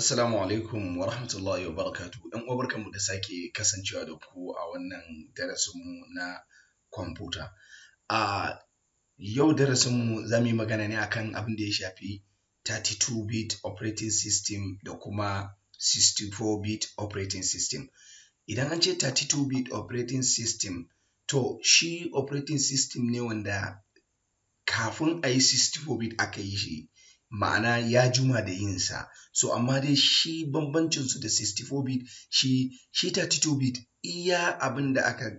Assalamu alaikum wa rahmatullahi wa barakatuhu ‘yan uwa barkanmu da sake kasancewa da ku a wannan darasinmu na kwamfuta. A yau darasinmu za mu yi magana ne akan abin da ya shafi 32-bit operating system da kuma 64-bit operating system. Idan an ce 32-bit operating system to shi operating system ne wanda kafin a yi 64-bit aka yi shi ma'ana ya juma da yin sa so amma dai shi bambancin da 64 bit shi shi 32 bit iya abin da aka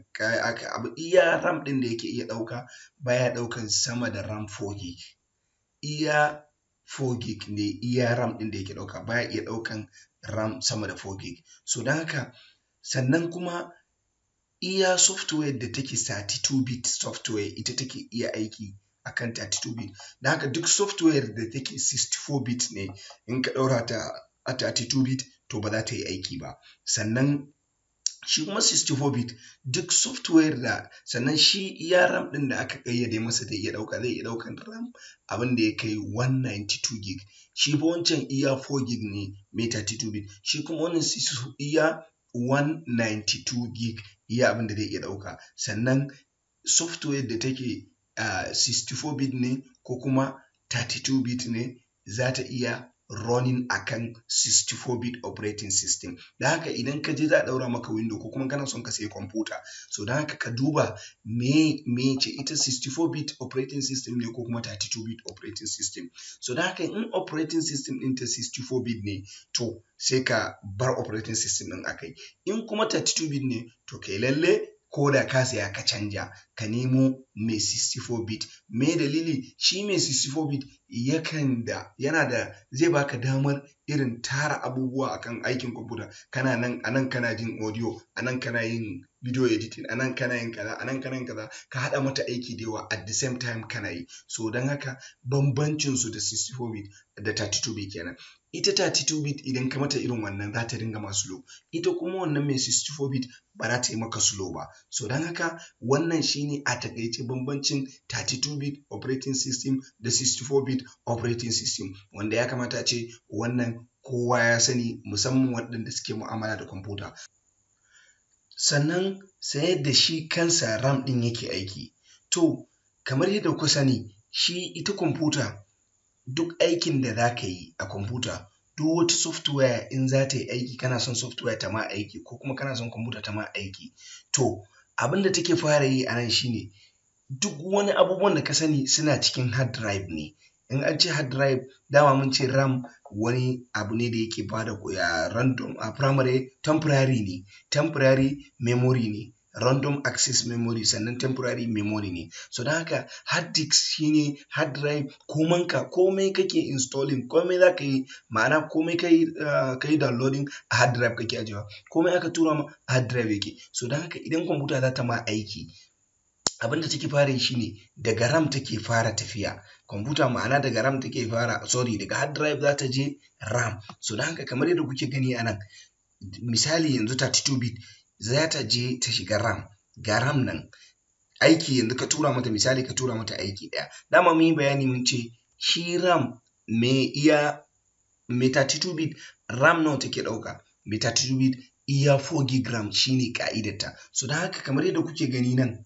aka abu iya ram din da yake iya dauka baya daukan sama da ram 4 gig iya 4 gig ne iya ram din da yake dauka baya iya daukan ram sama da 4 gig so don haka sannan kuma iya software da take 32 bit software ita take iya aiki akan 32 bit da haka duk software da take 64 bit ne in ka daura ta a 32 bit to ba za ta yi aiki ba sannan shi kuma 64 bit duk software da sannan shi iya ram ɗin da aka kayyade masa da iya ɗauka zai iya daukan ram abin da ya kai 192 gig shi ba wancan iya 4 gig ne mai 32 bit shi kuma wannan iya 192 gig iya abin da zai iya ɗauka sannan software da take 64 uh, bit ne ko kuma 32 bit ne za ta iya running akan 64 bit operating system da haka idan ka je za a daura maka window ko kuma kana son ka sai computer so don haka ka duba me me ce ita 64 bit operating system ne ko kuma 32 bit operating system so don haka in operating system din ta 64 bit ne to sai ka bar operating system din akai in kuma 32 bit ne to kai lalle ko da ka saya ka canja ka nemo mai 64 bit me dalili shi mai 64 bit yakan da yana da zai baka damar irin tara abubuwa akan aikin kwamfuta kana nan a nan kana jin audio a nan kana yin video editing nan kana yin kaza a nan kana yin kaza ka haɗa mata aiki da yawa at the same time kana yi so don haka bambancin su da 64 bit da 32 bit kenan ita 32 bit idan ka mata irin wannan za ta dinga masu slow ita kuma wannan mai 64 bit ba za ta yi maka slow ba so don haka wannan shine a takaice bambancin 32 bit operating system da 64 bit operating system wanda ya kamata ce wannan kowa ya sani musamman waɗanda suke mu'amala da kwamfuta sannan sai yadda shi kansa ram ɗin yake aiki to kamar yadda ku sani shi ita kwamfuta duk aikin da za ka yi a kwamfuta duk wata software in za ta yi aiki kana son software ta ma aiki ko kuma kana son kwamfuta ta ma aiki to abin da take fara yi a nan shine duk wani abubuwan da ka sani suna cikin hard drive ne in an ce hard drive dama mun ce ram wani abu ne da yake bada eh, random a primary temporary ne temporary memory ne random access memory sannan temporary memory ne so don haka hard disk shine hard drive komanka komai kake installing komai za ka yi ma'ana komai ah, ka yi downloading a hard drive kake ajiyewa komai aka tura ma a hard drive yake so don haka idan kwamfuta za ta ma aiki abin da take fara yi shine daga ram take fara tafiya kwamfuta ma'ana daga ram take fara sorry daga hard drive za ta je ram so don haka kamar yadda kuke gani a nan misali yanzu 32 bit za ta je ta shiga ram ga ram nan aiki yanzu ka tura mata misali ka tura mata aiki ɗaya dama mun yi bayani mun ce shi ram me iya me 32 bit ram nawa take ɗauka me 32 bit iya 4 gig ram shine ta so dan haka kamar yadda kuke gani nan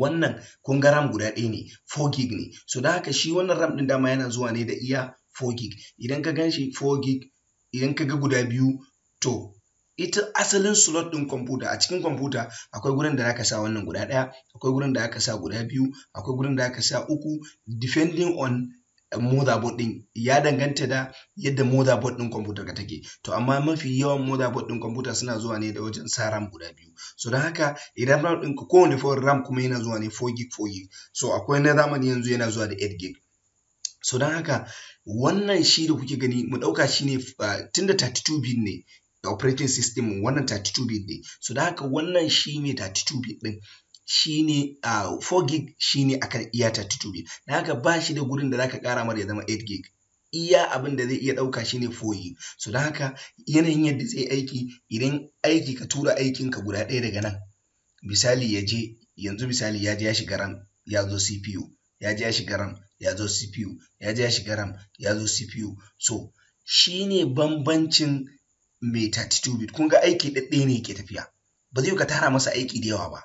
wannan kun ga ram guda ɗaya ne 4 gig ne so dan haka shi wannan ram ɗin dama yana zuwa ne da iya 4 gig idan ka gan shi 4 gig idan ka ga guda biyu to ita asalin slot ɗin kwamfuta a cikin kwamfuta akwai gurin da zaka sa wannan guda ɗaya akwai gurin da zaka sa guda biyu akwai gurin da zaka sa uku depending on eh, motherboard ɗin ya danganta da yadda motherboard ɗin kwamfutar ka take to amma mafi yawan motherboard ɗin kwamfuta suna zuwa ne da wajen sa ram guda biyu so don haka idan ram ɗin ka kowane ram kuma yana zuwa ne 4 gig 4 gig so akwai na zamani yanzu yana zuwa da 8 gig so don haka wannan shi da kuke gani mu ɗauka shi ne ah, tunda 32 bit ne da operating system wannan 32 bit ne so da haka wannan shine 32 bit din shine uh, ah, 4 gig shine akan iya 32 bit da haka ba shi da gurin da zaka kara mara ya zama 8 gig iya abin da zai iya ɗauka shine 4 gig so da haka yanayin yadda zai aiki idan aiki ka tura aikin ka guda ɗaya daga nan misali ya je yanzu misali ya je ya shiga ram ya zo CPU ya je ya shiga ram ya zo CPU ya je ya shiga ram ya zo CPU so shine bambancin mai 32 bit kun aiki ɗaɗɗe ne ke tafiya ba zai ka tara masa aiki da yawa ba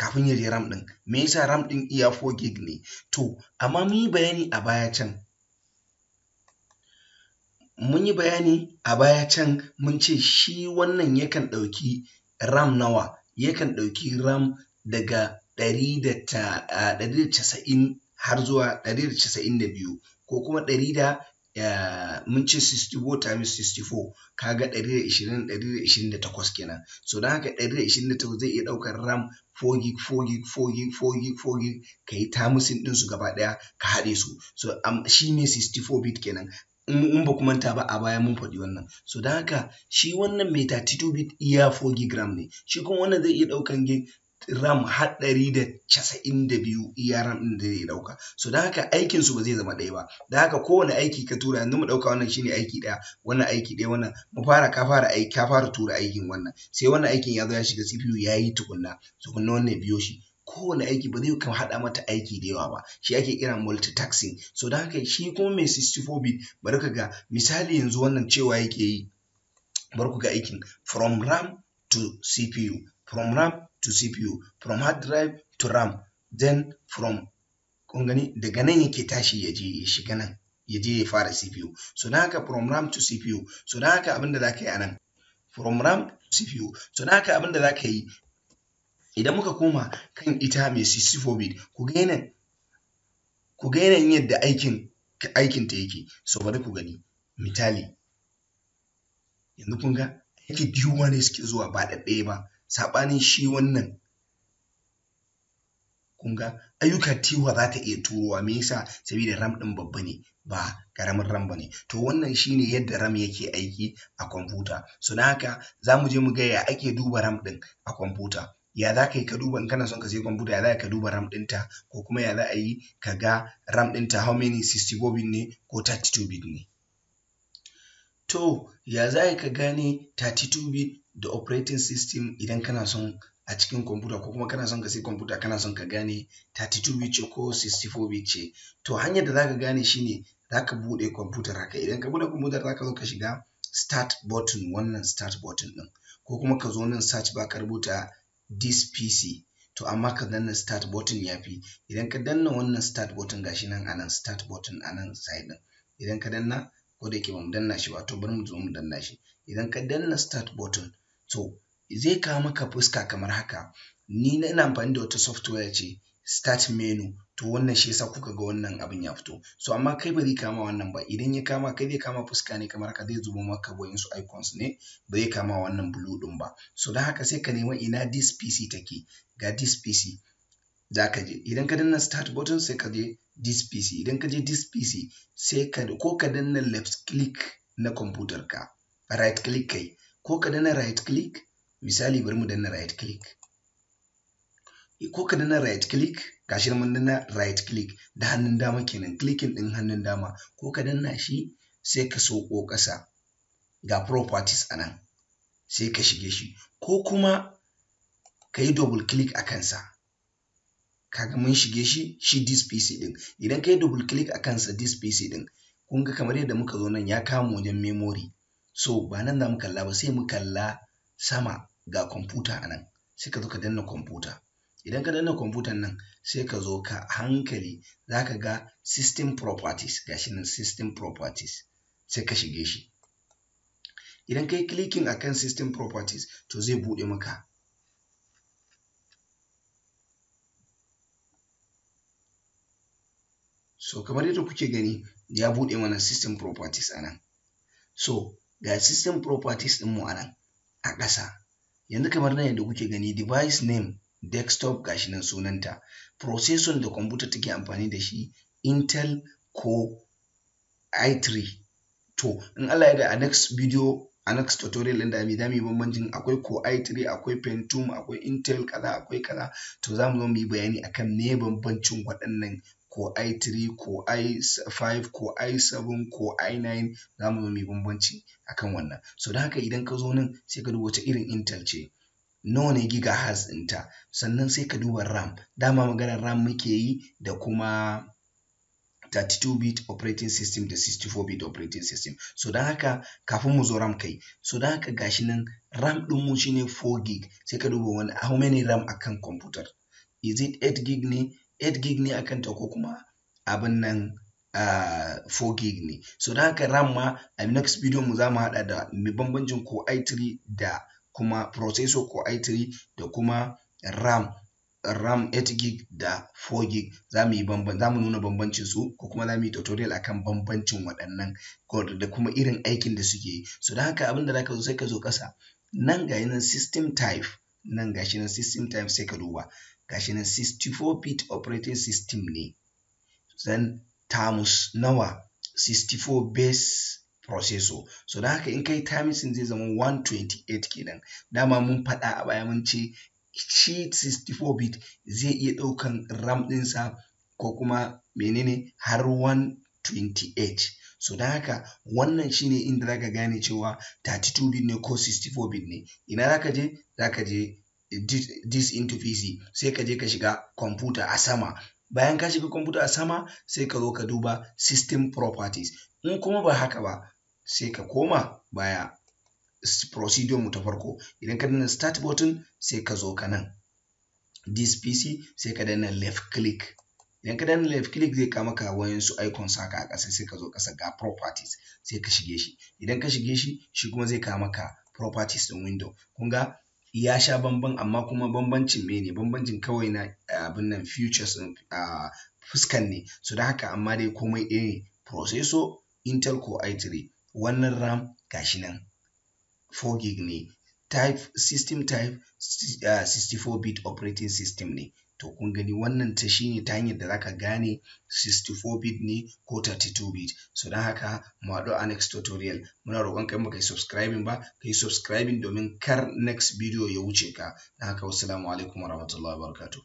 kafin ya je ram ɗin me yasa ram ɗin iya 4 gig ne to amma mun yi bayani a baya can mun yi bayani a baya can mun ce shi wannan yakan ɗauki ram nawa yakan ɗauki ram daga ɗari har zuwa ɗari da da biyu ko kuma ɗari da Eh, mun ce 64 times 64 kaga 120 128 kenan so don haka 128 zai iya daukar ram 4 gig 4 gig 4 gig 4 gig 4 gig ka yi tamisin din su gaba daya ka haɗe su so shi ne 64 bit kenan in ba kuma ta ba a baya mun faɗi wannan so don haka shi wannan mai 32 bit iya 4 gig ram ne shi kuma wannan zai iya ɗaukan gig ram haɗari da casa'in da biyu iya ram ɗin da zai ɗauka so don haka aikin su ba zai zama ɗaya ba da haka kowane aiki ka tura yanzu mu ɗauka wannan shine aiki ɗaya wannan aiki ɗaya wannan mu fara ka fara aiki ka fara tura aikin wannan sai wannan aikin ya zo ya shiga CPU ya yi tukunna tukunna wannan ya biyo shi kowane aiki ba zai kan haɗa mata aiki da yawa ba shi ake kira multitasking so don haka shi kuma mai 64 bit bari ka ga misali yanzu wannan cewa yake yi bari ku ga aikin from ram to CPU from ram to CPU from hard drive to RAM then from kun gani daga nan yake tashi ya je ya shiga nan ya je ya fara CPU so don haka from RAM to CPU so don haka abin da za ka yi a nan from RAM to CPU so don haka abin da za ka yi idan muka koma kan ita mai 64 bit ku ga yana ku ga yana yadda aikin aikin ta yake so bari ku gani misali yanzu kun ga yake biyu ne suke zuwa ba ɗaɗɗaya ba saɓanin shi wannan kunga ayyuka tiwa za ta iya turowa me yasa saboda ram ɗin babba ne ba ƙaramin ram ne. to wannan shine yadda ram yake aiki a kwamfuta so don haka za mu je mu ga ya ake duba ram ɗin a kwamfuta ya za ka yi ka duba in kana son ka sayi kwamfuta ya za ka duba ram ɗinta ko kuma ya za a yi ka ga ram ɗinta how many 64 bit ne ko 32 bit ne to ya za ka gane 32 bit da operating system idan kana son a cikin kwamfuta ko kuma kana son ka sai kwamfuta kana son ka gane 32 bit ce ko 64 bit ce to hanyar da zaka gane shine zaka bude kwamfutar haka idan ka bude za zaka zo ka shiga start button wannan start button din ko kuma ka zo nan search bar ka rubuta this pc to amma ka danna start button yafi idan ka danna wannan start button gashi nan anan start button anan side din idan ka danna ko da yake mu danna shi ba to bari mu zo mu danna shi idan ka danna start button to zai kawo maka fuska kamar haka ni na ina amfani da wata software ce start menu to wannan shi yasa kuka ga wannan abin ya fito so amma kai ba zai kama wannan ba idan ya kama kai zai kama fuska ne kamar haka zai zubo maka su icons ne ba zai kama wannan blue din ba so don haka sai ka nema ina this pc take ga this pc za ka je idan ka danna start button sai ka je this pc idan ka je this pc sai ka ko ka danna left click na computer ka right click kai ko ka dana right click misali bari mu danna right click eh, ko ka dana right click gashi mun dana right click da hannun dama kenan clicking din hannun dama ko ka danna shi sai ka soko ƙasa ga properties anan sai ka shige shi ko kuma ka yi double click a kansa kaga mun shige shi shi this pc din idan ka yi double click a kansa this pc din kun ga kamar yadda muka zo nan ya kama wajen memory so ba nan da mu kalla ba sai mu kalla sama ga kwamfuta a nan sai ka zo ka danna kwamfuta idan ka danna kwamfutan nan sai ka zo ka hankali za ka ga system properties ga shi nan system properties sai ka shige shi idan ka yi clicking kan system properties to zai buɗe maka so kamar yadda kuke gani ya buɗe mana system properties a nan so ga system properties ɗinmu a nan a ƙasa yanzu kamar nan yadda kuke gani device name desktop gashi nan sunanta processor da computer take amfani da shi intel ko i3 to in allah ya da a next video a next tutorial ɗin da mai za mu bambancin akwai ko i3 akwai pentium akwai intel kaza akwai kaza to za mu zo mu yi bayani akan me bambancin waɗannan ko i3 ko i5 ko i7 ko i9 za mu yi bambanci akan wannan so don haka idan ka zo nan sai ka duba ta irin intel ce nawa ne gigahertz ɗinta sannan sai ka duba ram dama maganar ram muke yi da kuma 32 bit operating system da 64 bit operating system so don haka kafin mu zo ram kai so don haka gashi nan ram din mu shine 4 gig sai ka duba wani how many ram akan computer is it 8 gig ne 8 gig ne akan ta ko kuma abin nan uh, ah, 4 gig ne so da haka ram ma a next video mu za mu hada da mai bambancin ko i3 da kuma processor ko i3 da kuma ram ram 8 gig da 4 gig za mu yi bamban za mu nuna bambancin su ko kuma za mu yi tutorial akan bambancin waɗannan da kuma irin aikin da suke yi so da haka abin da za ka zo sai ka zo ƙasa nan ga nan system type nan gashi nan system time sai ka duba gashi nan 64 bit operating system ne zan tamus nawa 64 base processor so da haka in kai tamisin zai zama 128 kenan dama mun faɗa a baya mun ce shi 64 bit zai iya ɗaukan ram ɗinsa ko kuma menene har 128 so da haka wannan shine inda zaka gane cewa 32 bit ne ko 64 bit ne ina zaka je zaka je this into pc sai ka je ka shiga kwamfuta a sama bayan ka shiga kwamfuta a sama sai ka zo ka duba system properties in kuma ba haka ba sai ka koma baya procedure mu ta farko idan ka danna start button sai ka zo ka nan this pc sai ka danna left click idan ka dan left click zai kama ka wayansu icons haka a ƙasa sai ka zo ƙasa ga properties sai ka shige shi idan ka shige shi shi kuma zai kama maka properties ɗin window kun ga ya sha bamban amma kuma bambancin ne bambancin kawai na eh, abin nan futures ɗin ah, fuskan ne so da haka amma dai komai ɗaya ne processor intel ko i3 wannan ram gashi nan 4 gig ne type system type 64 ah, bit operating system ne to kun gani wannan ta shine ta hanyar da za ka gane 64 bit ne ko 32 bit so don haka mu haɗu a next tutorial muna roƙon kai ka yi subscribing ba ka yi subscribing domin kar next video ya wuce ka don haka wassalamu alaikum warahmatullahi wabarakatuh